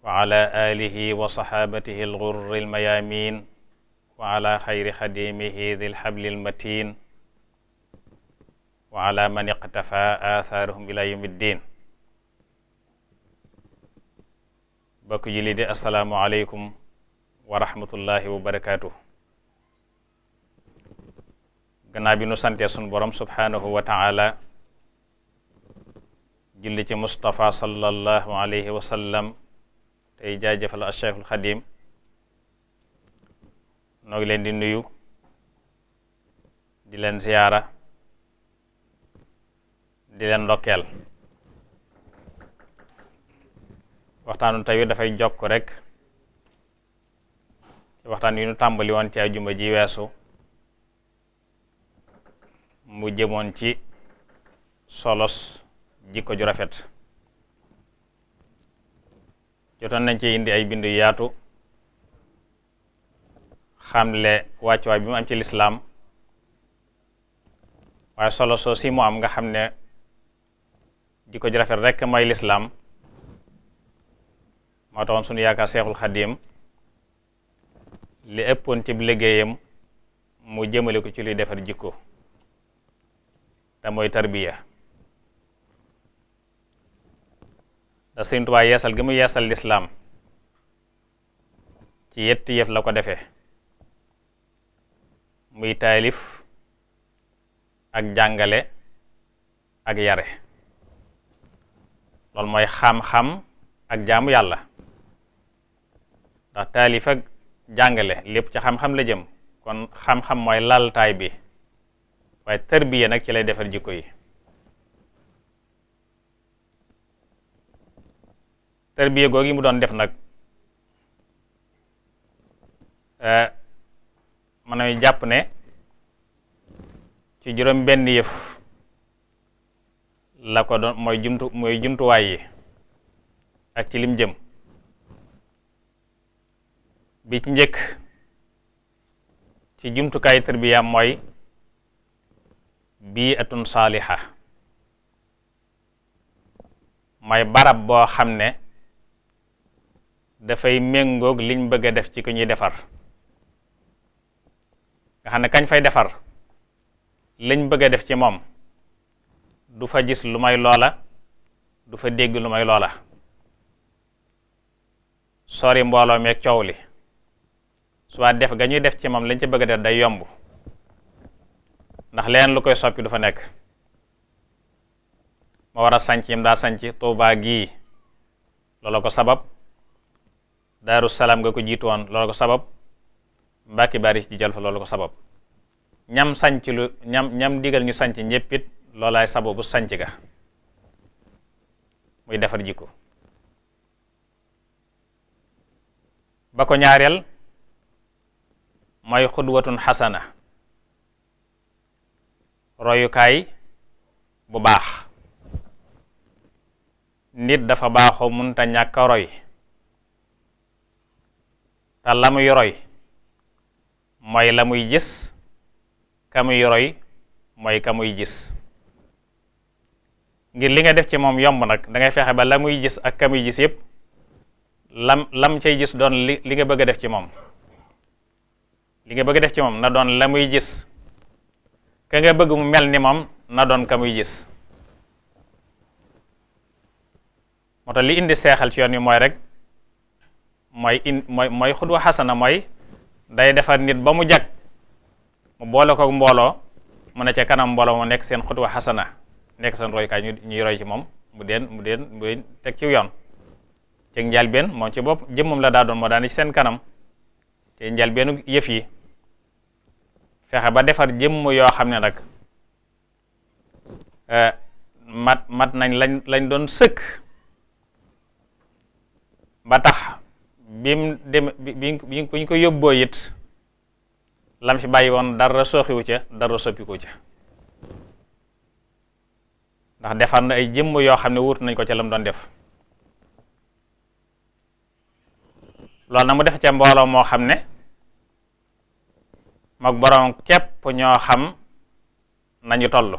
wa ala alihi wa saxaabatihi algurri almayaamin wa ala xayri xadimihi di lxabli almatin wa ala man iqtafa aathaarahum ila yawmi ddin bokk julli di assalaamu aleykum wa rahmatullahi wa barakaatuh gannaaw bi nu santee sun borom subhaanahu wa taala julli ci Mustafa sallallahu alayhi wa sallam tey jaajëfal al Xadim noo leen di nuyu di leen ziyaara di leen ndokkeel waxtaanu tey dafay jokk rek waxtaan yu nu tàmbali woon ci ajuma ji weesu mu jëmoon ci solos jikko ju rafet jotoon nañ ci indi ay bind yaatu xamle wàccuwaay bi mu am ci lislaam waaye solo soo si mu am nga xam ne jikko ji rafet rekk mooy lislaam moo taxoon sunu yaakaar seexul xadim li ëppoon ci liggéeyam mu jëmale ko ci luy defar jikko te mooy tarbiya te Sëriñ Tuubaa yeesal gi mu yeesal lislaam ci yetti yëf la ko defee muy taalif ak jàngale ak yare loolu mooy xam-xam ak jaamu yàlla ndax taalif ak jàngale lépp ci xam-xam la jëm kon xam-xam mooy laltaay bi waaye tërbiye nag ci lay defar jikko yi tarbiya yi mu doon def nag eh, mën nañu jàpp ne ci juróom benn yëf la ko doon mooy jumtu mooy jumtuwaay yi ak ci lim jëm bi ci njëkk ci jumtukaay tarbiya mooy bii atun saaliha mooy barab boo xam ne dafay méngoog liñ bëgg a def ci ku ñuy defar nga xam ne kañ fay defar liñ bëgg a def ci moom du fa gis lu may loola du fa dégg lu may loola sori mbooloo meeg coow li soit def ga ñuy def ci moom lañ ci bëgg a def day yomb ndax leneen lu koy soppi du fa nekk ma war a sanc yim daa sanc Tuubaa gii loola ko sabab daaru salaam nga ko jiitu woon loola ko sabab mbàkki bari ci jël fa loola ko sabab ñam sanc lu ñam ñam digal ñu sanc ñéppit loolaay sababu sanc ga muy defar jikko ba ko ñaareel mooy xudwatun xasana royukaay bu baax nit dafa baaxoo munta ñàkk roy te la muy roy mooy la muy gis ka muy roy mooy kamuy muy gis ngir li nga def ci moom yomb nag dangay ngay fexe ba la muy gis ak ka muy gis yëpp lam lam cay gis doon li li nga bëgg a def ci moom li nga bëgg def ci moom na doon la muy gis ka nga bëgg mu mel ni moom na doon ka muy moo tax li indi seexal ci yoon wi mooy rek mooy in mooy mooy xudwa xasana mooy day defar nit ba mu jag mu boole kook mbooloo mu ne ca kanam mbooloo moo nekk seen wa xasana nekk seen roykaay ñu ñuy roy ci moom mu deen mu deen mu deen teg ci yoon ci njalbeen moom ci bopp jëmm la daa doon moo daane ci seen kanam ci njëlbeenu yëf yi fexe ba defar jëmm yoo xam ne nag eh, mat mat nañ lañ lañ doon sëkk ba tax bi mu dem bi ñu ko yóbboo it lam fi bàyyi woon dara sooxiwu ca dara soppiku ca ndax defar na ay jëmm yoo xam ne wut nañ ko ca lam doon def loolu na mu def ca mbooloo moo xam ne mag boroom képp ñoo xam nañu toll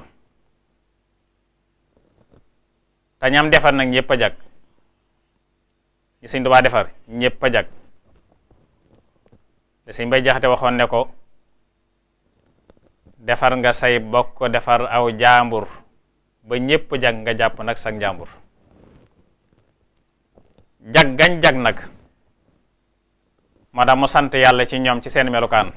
te ñam defar nag ñëpp a jag ñi sëñ Tuubaa defar ñëpp a jag te sëñ Bay Jaxate waxoon ne ko defar nga say bokk defar aw jaambur ba ñëpp jag nga jàpp nag sag jaambur jag gañ jag nag maanaam mu sant yàlla ci ñoom ci seen melukaan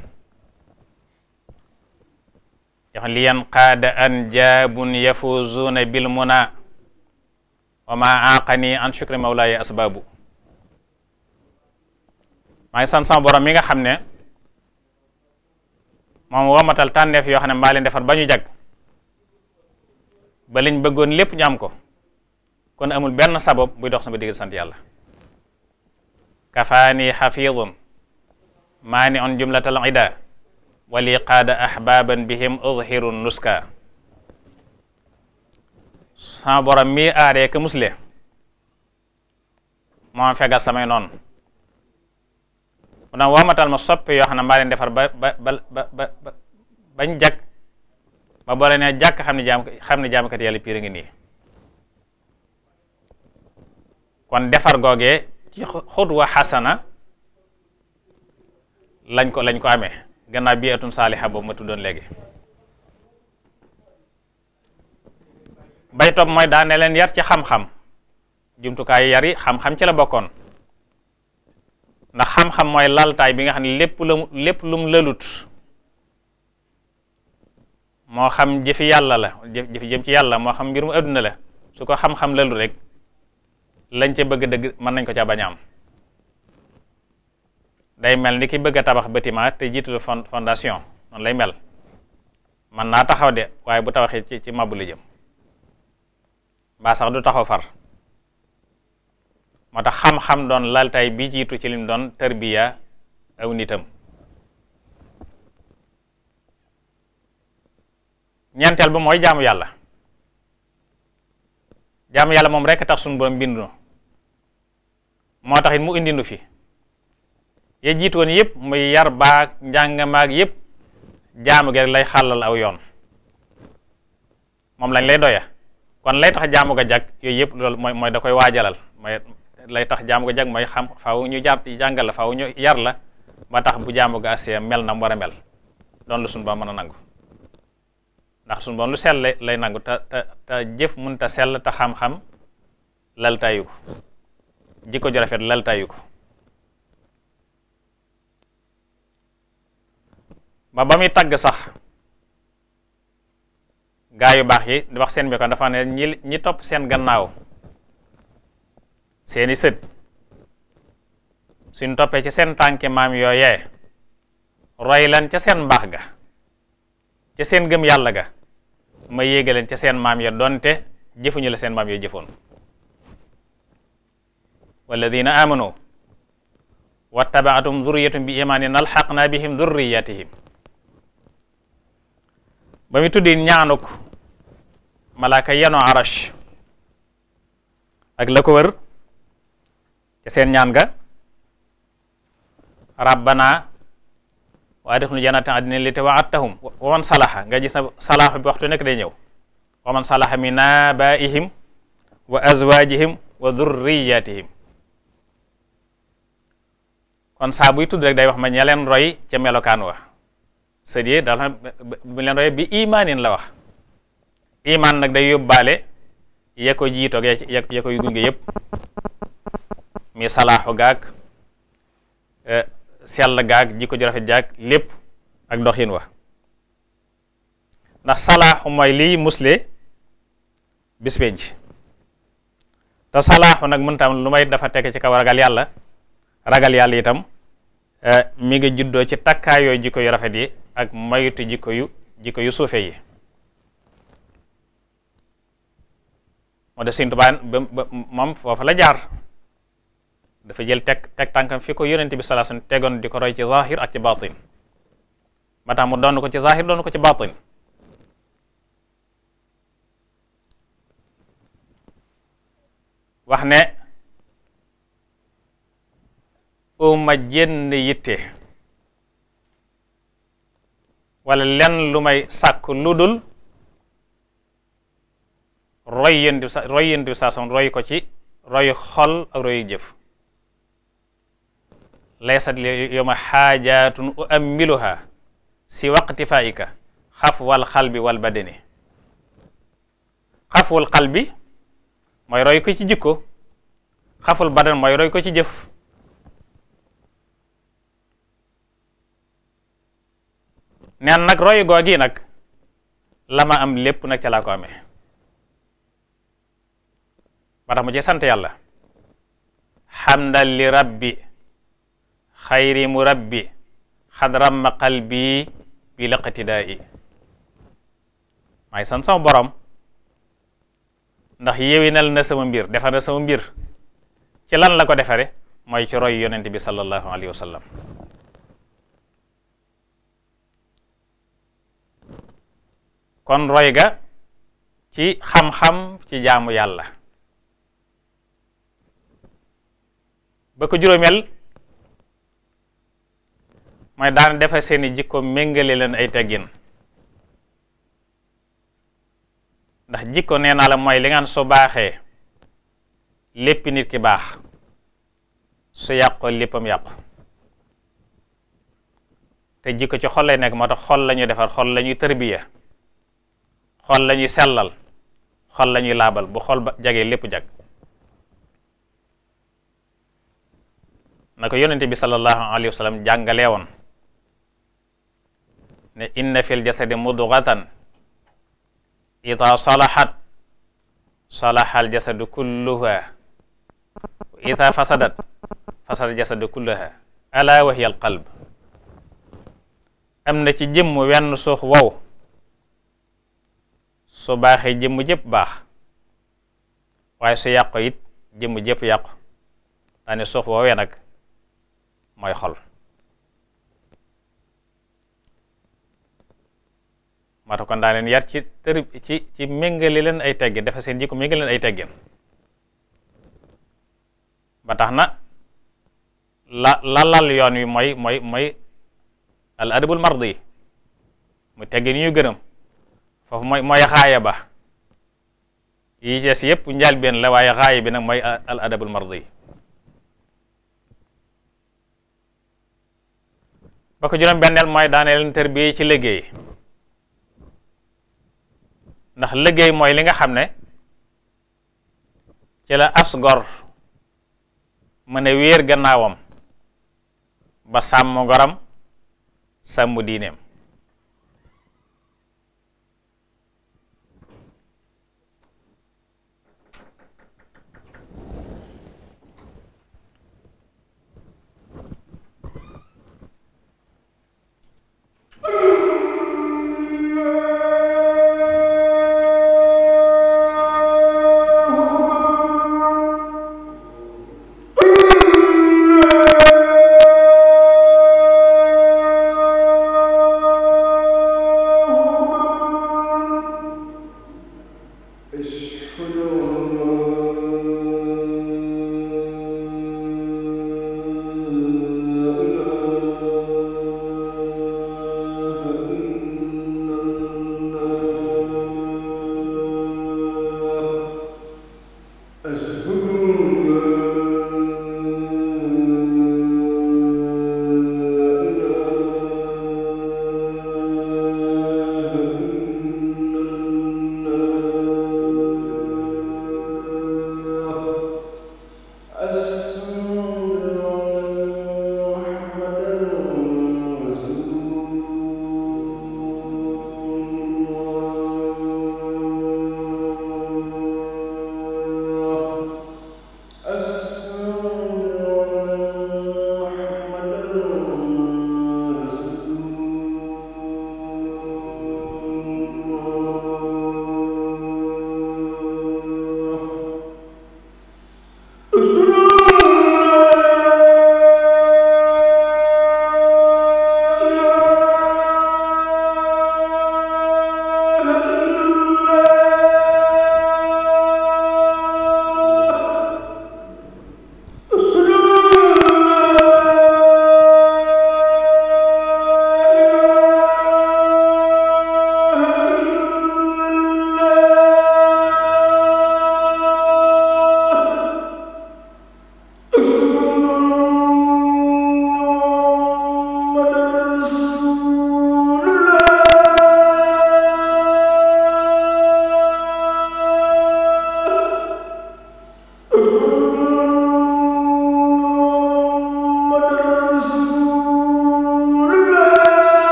yax li yan qaada an jaabun yafuzuuna bil muna wa ma aqani an shukri mawlaaya asbaabu maa ngi sant borom mi nga xam ne moom womatal tànneef yoo xam ne maa leen defar ba ñu jag ba liñ bëggoon lépp ñu ko kon amul benn sabab buy dox sama diggal sant yàlla kafaani xafidun maani on jumlatal ida wali qaada ahbaban bihim udhirun nuska sama borom mi aaree ka musle moo fegal samay noonu mu daan woomatal ma soppe yoo xam ne maa defar ba ba ba ba bañ ne jàkk xam ne jaam xam ne jaamkat kon defar googe ci xutwa xasana lañ ko lañ ko amee gannaaw bi atum saaliha boobu ma tuddoon léegi bay topp mooy daa ne leen yar ci xam-xam jumtukaay yari xam-xam ci la bokkoon ndax xam-xam mooy laltaay bi nga xam ne lépp lu lépp lum lëlut moo xam jëfi yàlla la jëfi jëm ci yàlla moo xam mbir mu adduna la su ko xam-xam lalu rek lañ ca bëgg dëgg mën nañ ko ca bañaam day mel ni ki bëgg a tabax bâtiment te jiitul fondation noonu lay mel mën naa taxaw de waaye bu tabaxee ci ci mabbu la jëm mbaa sax du taxaw far moo tax xam-xam doon laltaay bi jiitu ci lim doon tarbiya aw nitam ñeenteel ba mooy jaamu yàlla jaamu yàlla moom rekk tax sunu borom bindu moo taxit mu indindu fi ye jiitu woon yëpp muy yar baag njàngamaag yëpp jaamu gi lay xàllal aw yoon moom lañ lay doya kon lay tax jaamu ga jag yooyu yëpp loolu mooy mooy da koy waajalal lay tax jaamu ga jag mooy xam faw ñu jaar jàngal faw faaw ñu yar la ba tax bu jaamu ga asee mel na mu a mel doon lu suñu mën a nangu ndax suñu boon lu sell lay nangu te te te jëf mun ta sell te xam-xam laltaayu ko jikko ju rafet laltaayu ko ba ba muy tagg sax gaa yu baax yi di wax seen bi ko dafa ne ñi ñi topp seen gannaaw seeni sët suñ toppee ci seen tànki maam yooyee roy ca seen mbaax ga ca seen gëm yàlla ga ma yéega leen ca seen maam ya donte jëfuñu la seen maam ya jëfoon walladina amanu wattabaatum zurriyatum bi imaanin alxaqna bihim zurriyatihim ba mu tuddi ñaanuk malaaka yano arash ak la ko wër ca seen ñaan ga rabbana waa nu jannatin adnin li te wa attahum wa man salaha nga gis na bi waxtu nekk day ñëw wa man salaha min abaihim wa azwajihim wa dhurriyatihim kon saa buy tudd rek day wax ma ña leen roy ca melokaan wa sët yi daal xam roy bi imaanin la wax imaan nag day yóbbaale ya ko jiitoog ya ya koy yépp mi salaaxu gaag eh, sell gaag jikko ju rafet jaag lépp ak doxin wa ndax salaaxu mooy liy musle bis ji te salaaxu nag mën tam lu may dafa tekk ci kaw ragal yàlla ragal yàlla itam eh, mi ngi juddoo ci takkaayoo jikko yu rafet yi ak mayutu jikko yu jikko yu suufe yi moo de Sëñ Tuubaa moom foofa la jaar dafa jël tek teg tànkam fi ko yonent bi sallallahu alayhi tegoon di ko roy ci zahir ak ci batin ba mu doon ko ci zahir doon ko ci batin wax ne uma jenn yitte walla lenn lu may sàkk lu dul roy yonent bi roy yonent roy ko ci roy xol ak roy jëf laysat yowma xaajaatun u ammiluha si waqti faayika xaf wal xalbi wal badani xaful xalbi mooy roy ci jikko xaful badan mooy roy ko ci jëf neen nag roy googi nag lama am lépp nag ca laa ko amee ba tax mu ci sant yàlla xamdal rabbi xayri mu rabbi xad ramma qalbi bi laqtidaai maay sant sama borom ndax yewinal na sama mbir defar na sama mbir ci lan la ko defare mooy ci roy yonent bi sallallahu alayhi wa kon roy ga ci xam-xam ci jaamu yàlla ba ko mooy daan defe seeni jikko méngale leen ay teggin ndax jikko nee naa la mooy li ngaan su baaxee lépp nit ki baax su yàqoo léppam yàqu te jikko ci xol lay nekk moo tax xol la ñuy defar xol la ñuy tërbiya xol la ñuy sellal xol la ñuy laabal bu xol ba jagee lépp jag na ko yonente bi sallallahu alayhi wa sallam jàngalee woon ne fi fil jasadi mudghatan ida salahat salaha al jasadu kulluha wa ida fasadat fasada jasadu kulluha ala wa hiya al am na ci jëmm wenn suux wow su baaxee jëmm jëpp baax waaye su yàqu it jëmm jëpp yàqu daane suux woowee nag mooy xol maa tax kon daa leen yar ci tërib ci ci méngale ay teggin dafa seen jikko méngale ay teggin ba tax na la lalal yoon wi mooy mooy mooy al adabul mardi mu teggin yu ñu gërëm foofu mooy mooy xaaya ba yi ci des yëpp njaal benn la waaye xaaya bi nag mooy al adabul mardi ba ko benneel mooy daane leen tërbiye ci liggéey ndax liggéey mooy li nga xam ne ci la as gor mu ne wéer gannaawam ba sàmm goram sàmm diineem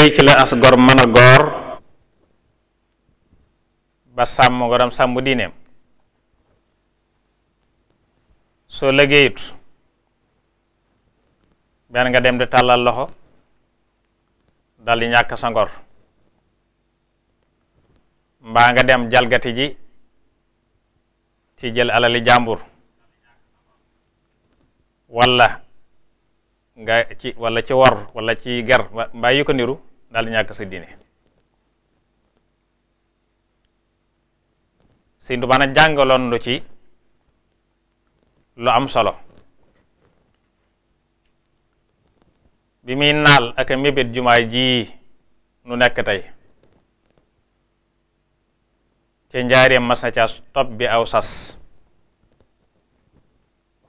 yooyu ci la as gor mën a goor ba sàmm goram sàmm diineem soo liggéeyut benn nga dem di tàllal loxo dal di ñàkk sa ngor mbaa nga dem jalgati ji ci jël alali jàmbur walla nga ci walla ci wor walla ci ger mbaa yu daal di ñàkk sa diine Sëñ Tuubaa nag jàngaloon lu ci lu am solo bi muy naal ak a mébét jumaay ji nu nekk tey ci njaareem mas na ca topp bi aw sas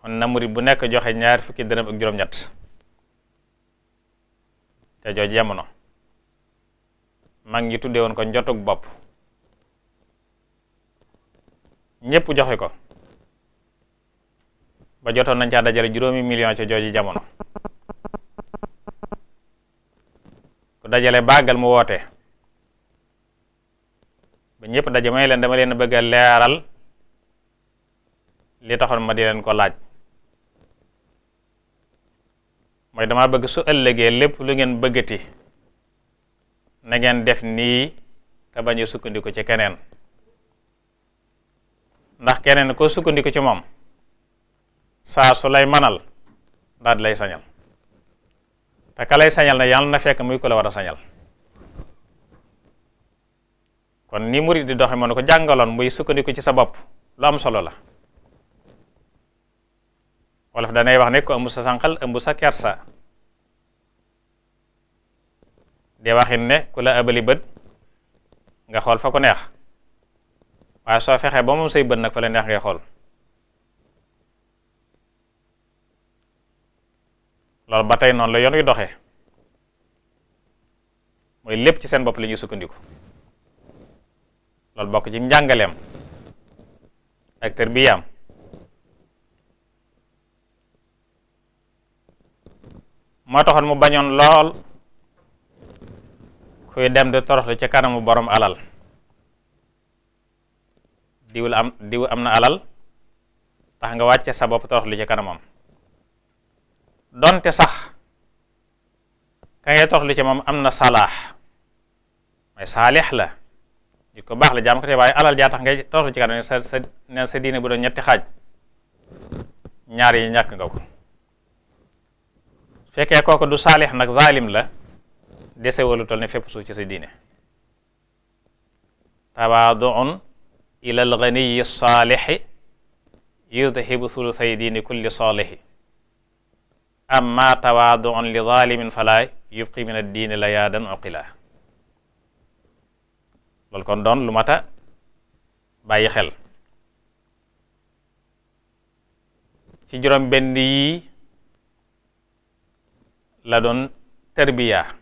kon na bu nekk joxe ñaar fukki dërëm ak juróom-ñett te jooju jamono mag ñi tuddee woon ko njotug bopp ñépp joxe ko ba jotoon nañ caa dajale juróomi million ci jooju jamono ku dajale bàggal mu woote ba ñépp daje may leen dama leen bëgg a leeral li taxoon ma di leen ko laaj mooy dama bëgg su ëllëgee lépp lu ngeen bëggati na ngeen def nii te bañ sukkandiku ci keneen ndax keneen ko sukkandiku ci moom saa su lay manal daal di lay sañal te ka lay sañal na yàlla na fekk muy ko la war a sañal kon ni murid di doxe mënu ko jàngaloon muy sukkandiku ci sa bopp lu am solo la wolof danay wax ne ko ëmb sa sànqal ëmb sa kersa de waxin ne ku la abali bët nga xool fa ko neex waaye soo fexee ba moom say bët nag fa la neex ngay xool loolu ba tey noonu la yoon wi doxee mooy lépp ci seen bopp lañuy sukkandiku loolu bokk ci njàngaleem ak tarbiyaam moo taxoon mu bañoon lool kuy dem di toroxlu ci kanamu borom alal diw la am diw am na alal tax nga wàcce sa bopp toroxlu ci kanamam donte sax ka ngay toroxlu ci moom am na salaax may saalix la nit ko baax la jaam ko te waaye alal jaa tax ngay toroxlu ci kanam sa sa diine bu doon ñetti xaaj ñaar yi ñàkk nga ko fekkee kooku du saalix nag zaalim la dese wala tol ne fépp suuf ci sa diine ila alganiyi saalixi yudhibu thuluthay diini kulli saalixi amma tawaadoon li zalimin fala yubqi min addiini la yaadan oqila loolu kon doon xel ci juróom benn la doon tarbiya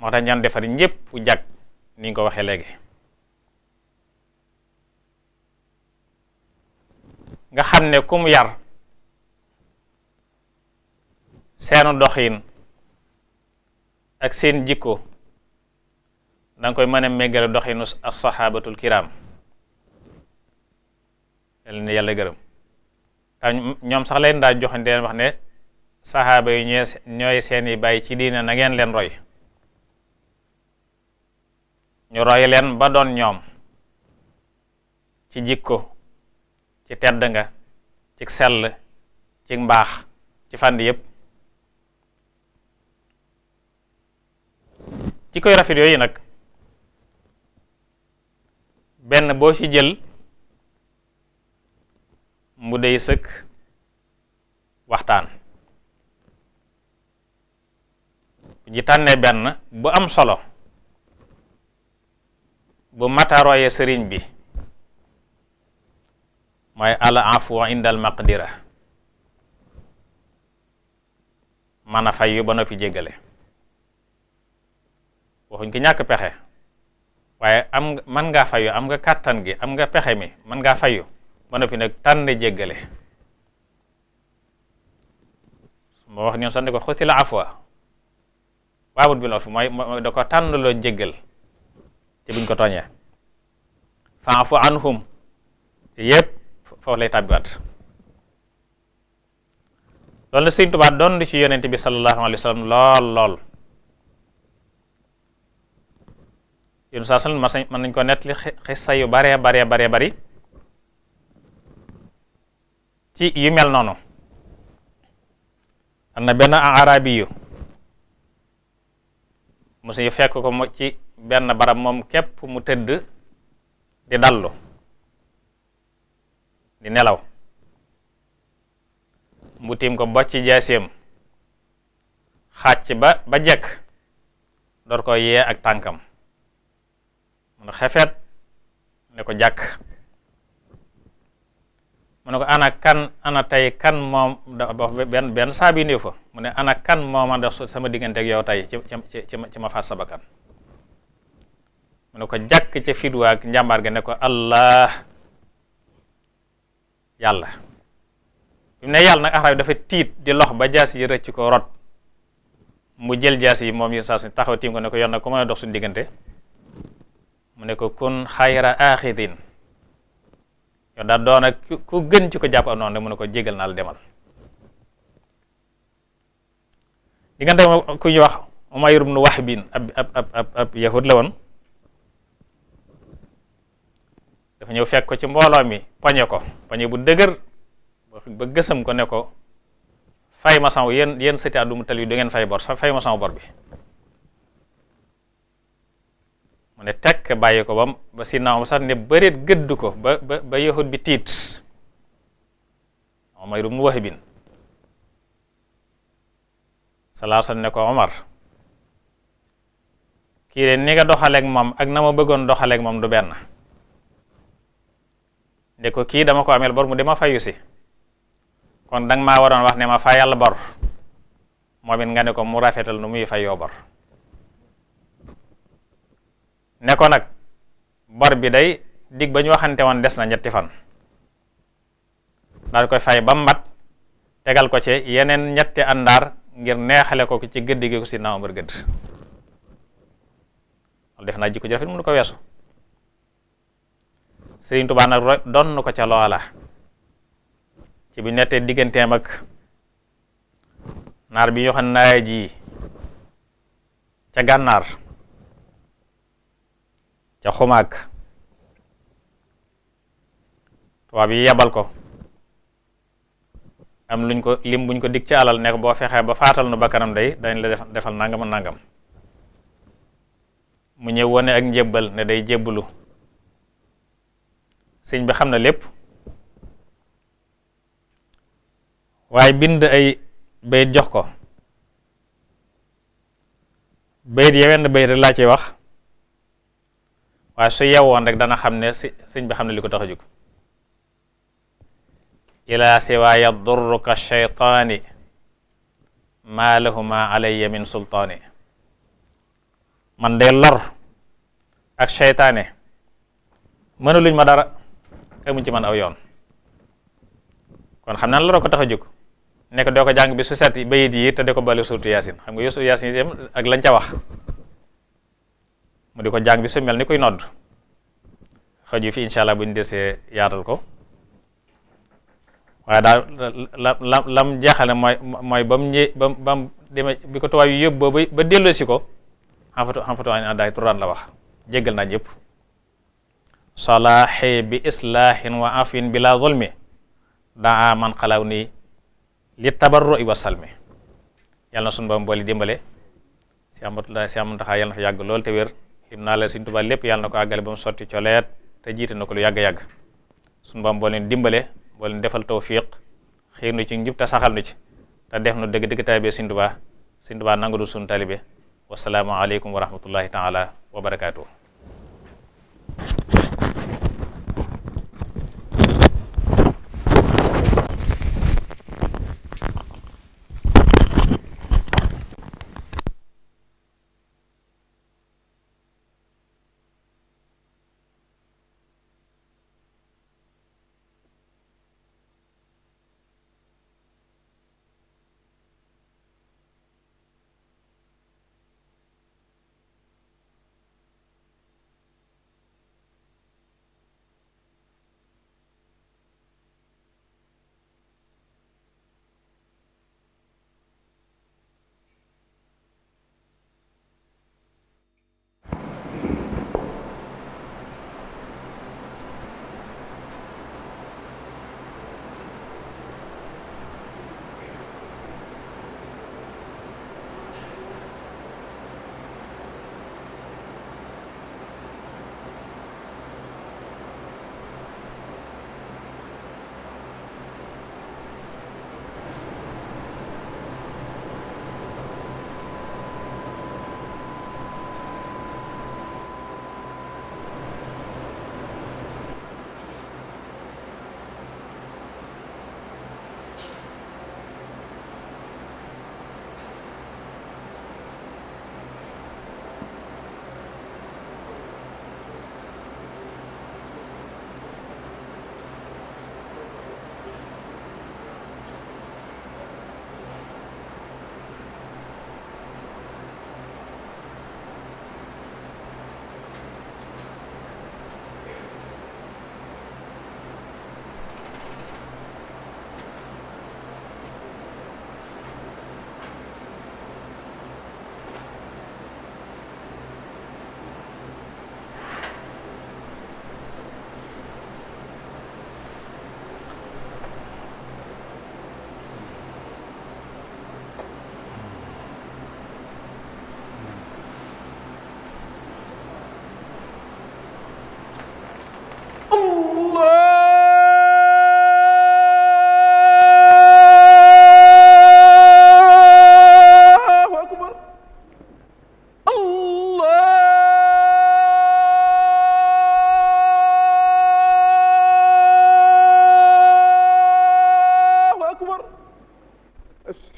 moo tax ñaan defar ñëpp jag ni ñu ko waxee léegi nga xam ne ku mu yar seenu doxin ak seen jikko da koy mën a méngale doxinu as-sahabatul kiram yal yàlla gërëm te ñoom sax leen daa joxante leen wax ne saxaaba yi ñooy seeni bàyyi ci diina na ngeen leen roy ñu roy leen ba doon ñoom ci ko ci tedd nga ci sell ci mbaax ci fànn yépp ci koy rafet yooyu nag benn boo ci jël mu dey sëkk waxtaan bu tànnee benn bu am solo bu mataroye sëriñ bi mooy al afu indal maqdira mën a fayyu ba noppi jéggale waxuñ ki ñàkk pexe waaye am mën ngaa fayyu am nga kàttan gi am nga pexe mi mën ngaa fayyu ba noppi nag tànn jéggale moo wax ñoom sax ne ko xutil afwa baabul bi loo fi mooy da ko tànn loo jéggal ci buñ ko tooñee faafu anhum yëpp foofu lay tàbbiwaat loolu la Sëriñ Tuubaa doon ci yonent bi sallallahu alayhi wa lool lool yéen saa sal mën nañ ko nettali xissa yu baree baree baree bari ci yu mel noonu am na benn arabi yu mosu ñu fekk ko mo ci benn barab moom képp mu tëdd di dallu di nelaw mu tiim ko bocc jaaseem xàcc ba ba jekk door ko yee ak tànkam mu ne xefeet ne ko jàkk mu ne ko ana kan ana tey kan moom da benn benn saabi néew fa mu ne ana kan mooma def sama diggante ak yow tey ci ci ci ma far sabakan mu ne ko jàkk ca fidwa ak njàmbaar ga ne ko allah yàlla bi ne yàlla nag axaraab dafa tiit di lox ba jaas yi rëcc ko rot mu jël jaas yi moom yi saa si taxaw tiim ko ne ko yoon na ko mën a dox suñu diggante mu ne ko kun xayra axidin yow daal doon ku gën ci ko jàpp ak mu ne ko jégal naa la demal diggante ku ñuy wax Umayr ibn Wahb ab ab ab ab yahud la woon ñëw fekk ko ci mbooloo mi poñe ko poñe bu dëgër ba gësam ko ne ko fay ma saw yéen yéen sëti Abdul Mutalib du ngeen fay bor fay ma bor bi mu ne tekk bàyyi ko bam ba si naaw sax ne bëreet gëdd ko ba ba ba bi tiit Umayr ibn Wahb salaasan ne ko Omar kii de ni nga doxaleeg moom ak na ma bëggoon doxaleeg moom du benn ne ko kii dama ko ameel bor mu dema ma fayu si kon danga maa waroon wax ne ma fayal bor moom nga ne ko mu rafetal nu muy fayoo bor ne ko nag bor bi day dig ba ñu waxante woon des na ñetti fan daal koy fay ba mbat tegal ko ci yeneen ñetti àndaar ngir neexale ko ci gëdd gi ko si naawam bër gëdd def naa jikko ji rafet mënu ko weesu Sëriñ Tuubaa nag donn ko ca loola ci bi nettee digganteem ak naar bi yoxan naaya ji ca gànnaar ca xumaag tubaab yi yebal ko am luñ ko lim buñ ko dig ci alal nekk boo fexee ba faatal nu bakkanam day dañ la defal nangam nangam mu ñëw wone ak njébbal ne day jébbalu sëñ bi xam na lépp waaye bind ay bayit jox ko bayit yewen bayit rek laa ci wax waaye su yewoon rek dana xam ne sëñ bi xam ne li ko tax a ila siwa yadurruka shaytaani maa lahuma alayya min sultaani man de lor ak seytaane mëna luñ ma dara teguñ ci man aw yoon kon xam naa la ko tax a jóg nekk doo ko jàng bi su set bayit yi te de ko bale surtout yaasin xam nga yosu yaasin itam ak lañ ca wax mu di ko jàng bi su mel ni kuy nodd xëj yu fi incha allah buñ desee yaatal ko waaye daal la la lam jaaxale mooy mooy ba mu ñë ba ba bi ko tubaab yu yóbbu ba ba delloosi ko xam fa xam fa tubaab yi daay turaan la wax jéggal naa ñëpp. salaaxe bi islaahin wa afin bila zulmi daa man xalaw ni li tabarroi wa salmi yàlla na sunu borom boole dimbale si amatulaa si amantaxaa yàlla na fa yàgg lool te wér lim naa la Sëriñ lépp yàlla na ko àggale ba mu sotti coleet te jiite na ko lu yàgg-yàgg sunu borom boo dimbale boo leen defal tawfiq xiir nu ci njub te saxal nu ci te def nu dëgg-dëgg taalibe Sëriñ Tuubaa Sëriñ Tuubaa nangu du sunu taalibe wasalaamu wa rahmatullahi taala wa barakaatuh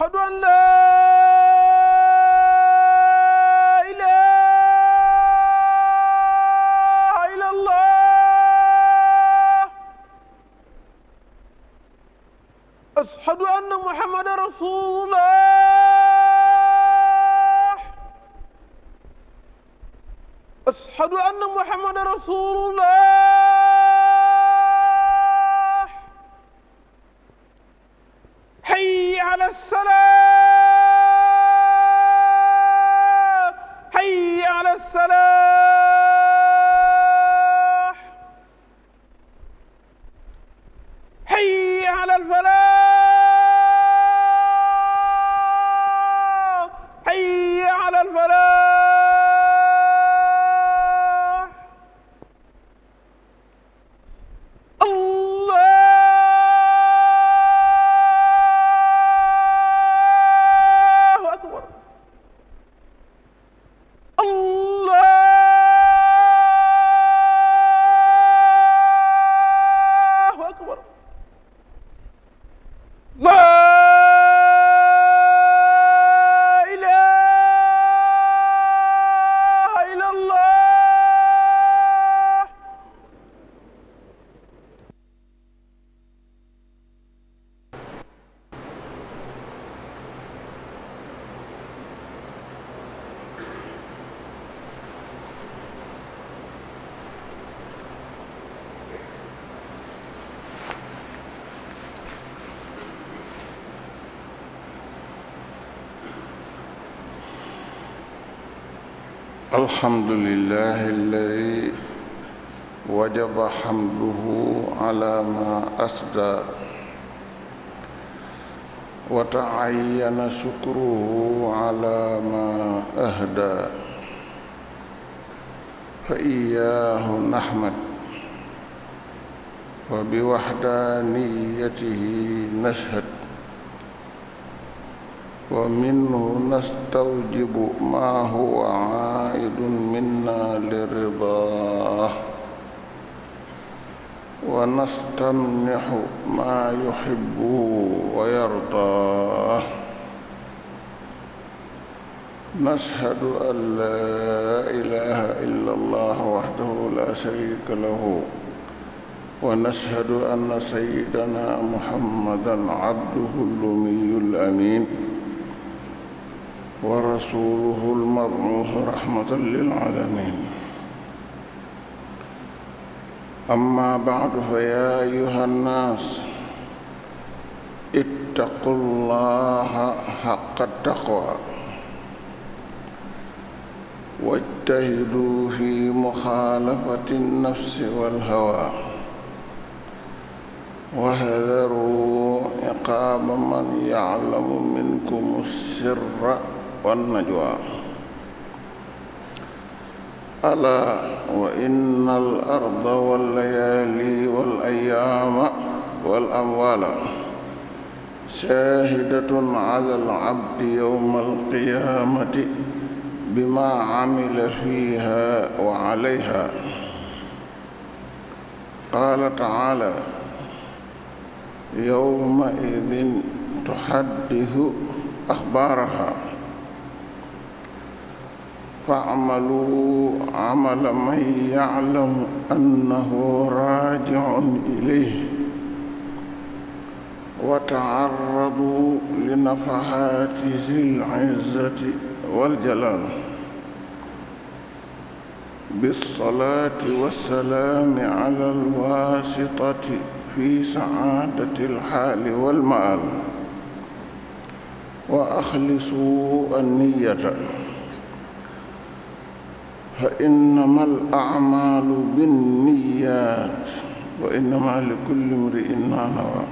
أشهد أن لا الحمد لله الذي وجب حمده على ما أسدى وتعين شكره على ما أهدى فإياه نحمد وبوحدانيته نشهد ومنه نستوجب ما هو عائد منا لرضاه ونستمنح ما يحبه ويرضاه نشهد أن لا إله إلا الله وحده لا شريك له ونشهد أن سيدنا محمدا عبده الأمي الأمين ورسوله المبعوث رحمة للعالمين أما بعد فيا أيها الناس اتقوا الله حق التقوى واجتهدوا في مخالفة النفس والهوى وهذروا عقاب من يعلم منكم السر والنجوى ألا وإن الأرض والليالي والأيام والأموال شاهدة على العبد يوم القيامة بما عمل فيها وعليها قال تعالى يومئذ تحدث أخبارها فاعملوا عمل من يعلم أنه راجع إليه وتعرضوا لنفحات ذي العزة والجلال بالصلاة والسلام على الواسطة في سعادة الحال والمآل وأخلصوا النية fa innama al a'malu bin niyaat wa innama li kulli mri'in ma nawa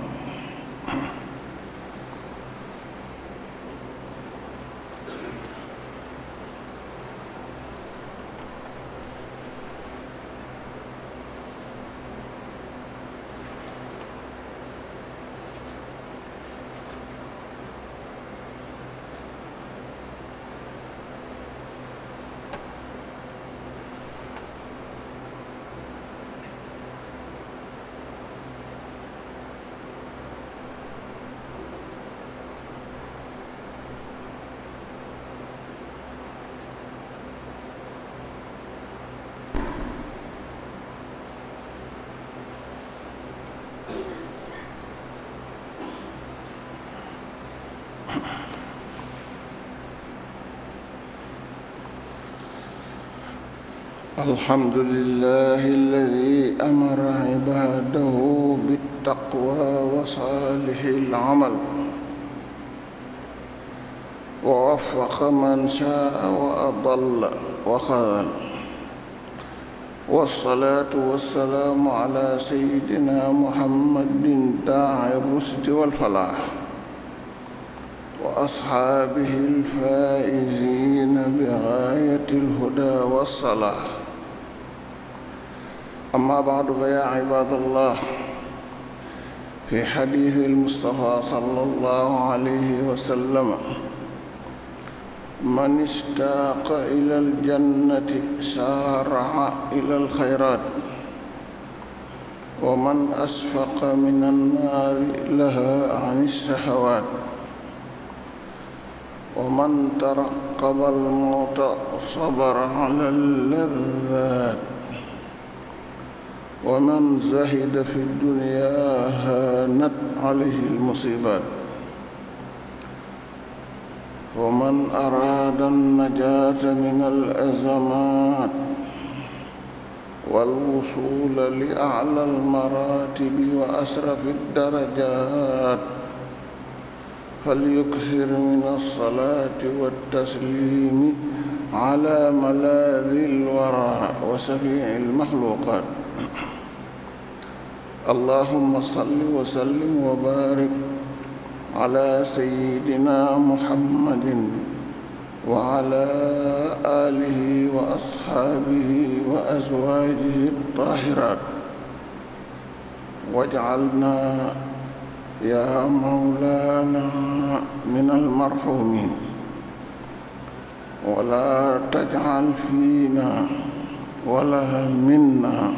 الحمد لله الذي أمر عباده بالتقوى وصالح العمل ووفق من شاء وأضل وقال والصلاة والسلام على سيدنا محمد داعي الرشد والفلاح وأصحابه الفائزين بغاية الهدى والصلاح أما بعد فيا عباد الله في حديث المصطفى صلى الله عليه وسلم من اشتاق إلى الجنة سارع إلى الخيرات ومن أسفق من النار لها عن الشهوات ومن ترقب الموت صبر على اللذات wa man zahida fi dunya haanat alayhi almusibaat wa man araada annajaata min alazamaat walwusuula li acla almaraatibi wa asrafi addarajaat falyuksir min alsalaati waltaslimi ala malaadi alwara wa safiici almaxluuqaat اللهم صل وسلم وبارك على سيدنا محمد وعلى آله وأصحابه وأزواجه الطاهرات واجعلنا يا مولانا من المرحومين ولا تجعل فينا ولا منا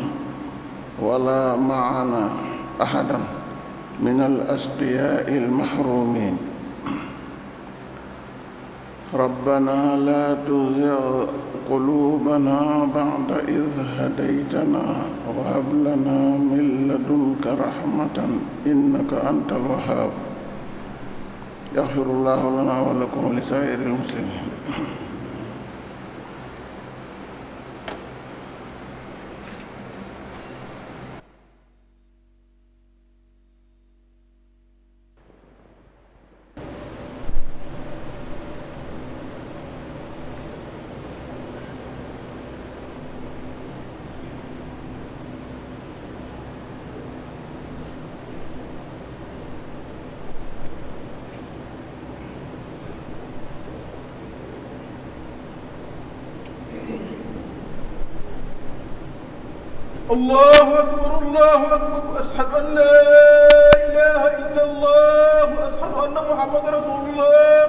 ولا معنا أحدا من الأشقياء المحرومين ربنا لا تزغ قلوبنا بعد إذ هديتنا وهب لنا من لدنك رحمة إنك أنت الوهاب يغفر الله لنا ولكم ولسائر المسلمين الله أكبر الله أكبر أشهد أن لا إله إلا الله أشهد أن محمد رسول الله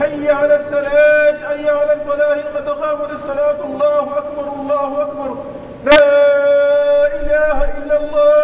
حي على السلام حي على الفلاح قد قامت الصلاة الله أكبر الله أكبر لا إله إلا الله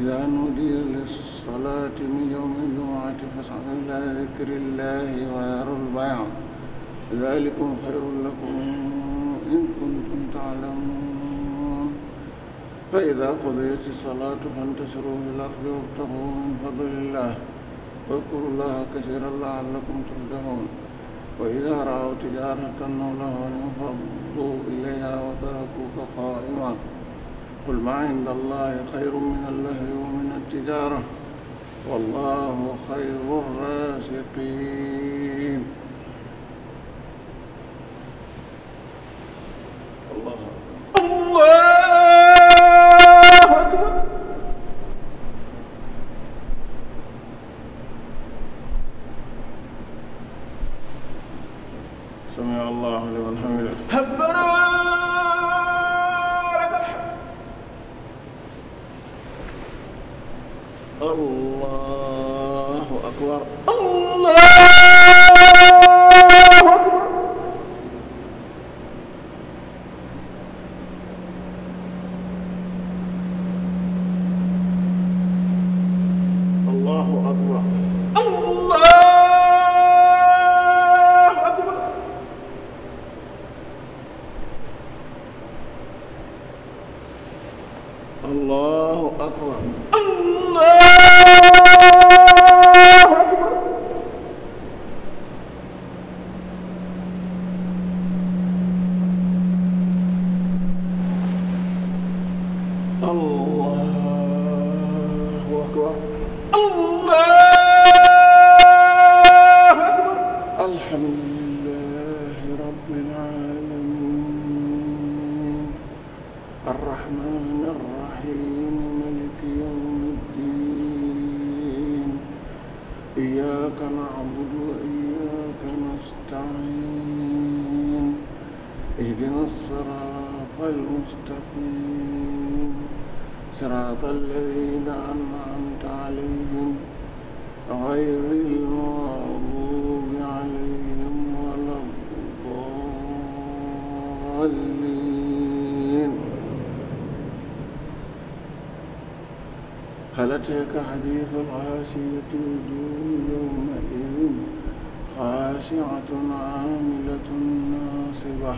إذا نودي للصلاة من يوم الجمعة فاسعوا إلى ذكر الله وذروا البيع ذلكم خير لكم إن كنتم تعلمون فإذا قضيت الصلاة فانتشروا في الأرض وابتغوا من فضل الله واذكروا الله كثيرا لعلكم تفلحون وإذا رأوا تجارة أو لهوا انفضوا إليها وتركوك قائما قل ما عند الله خير من اللهو ومن التجارة والله خير الرازقين إياك نعبد وإياك نستعين اهدنا الصراط المستقيم صراط الذين أنعمت عليهم غير المغضوب هل أتيك حديث الغاشية وجوه يومئذ خاشعة عاملة ناصبة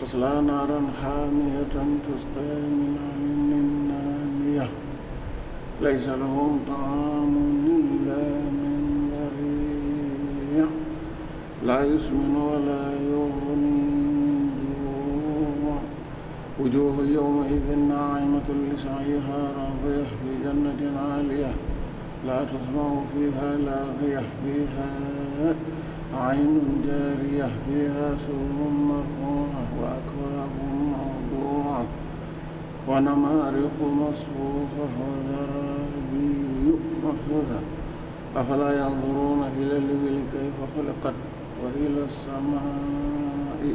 تصلى نارا حامية تسقى من عين نانية ليس لهم طعام إلا من ضريع لا يسمن ولا وجوه يومئذ ناعمة لسعيها راضية في جنة عالية لا تسمع فيها لاغية فيها عين جارية فيها سرر مرفوعة وأكواب موضوعة ونمارق مصفوفة وزرابي مبثوثة أفلا ينظرون إلى الإبل كيف خلقت وإلى السماء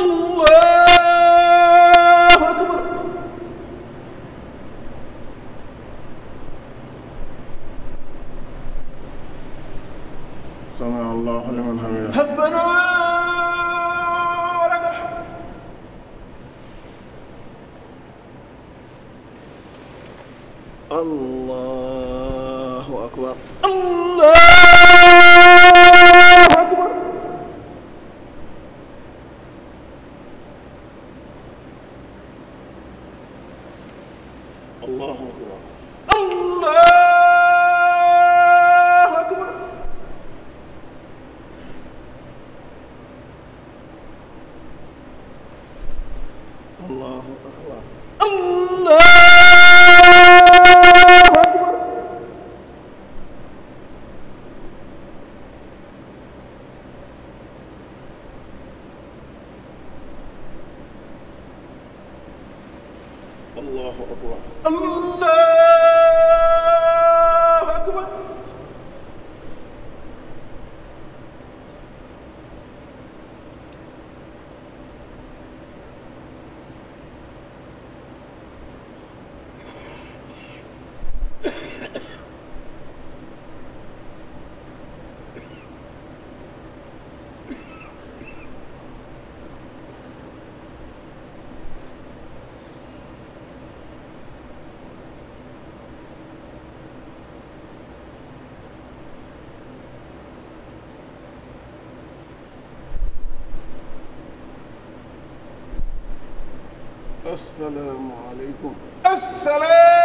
allahu akbar sami allahu liman hamidah asalaamaaleykum. asalaam.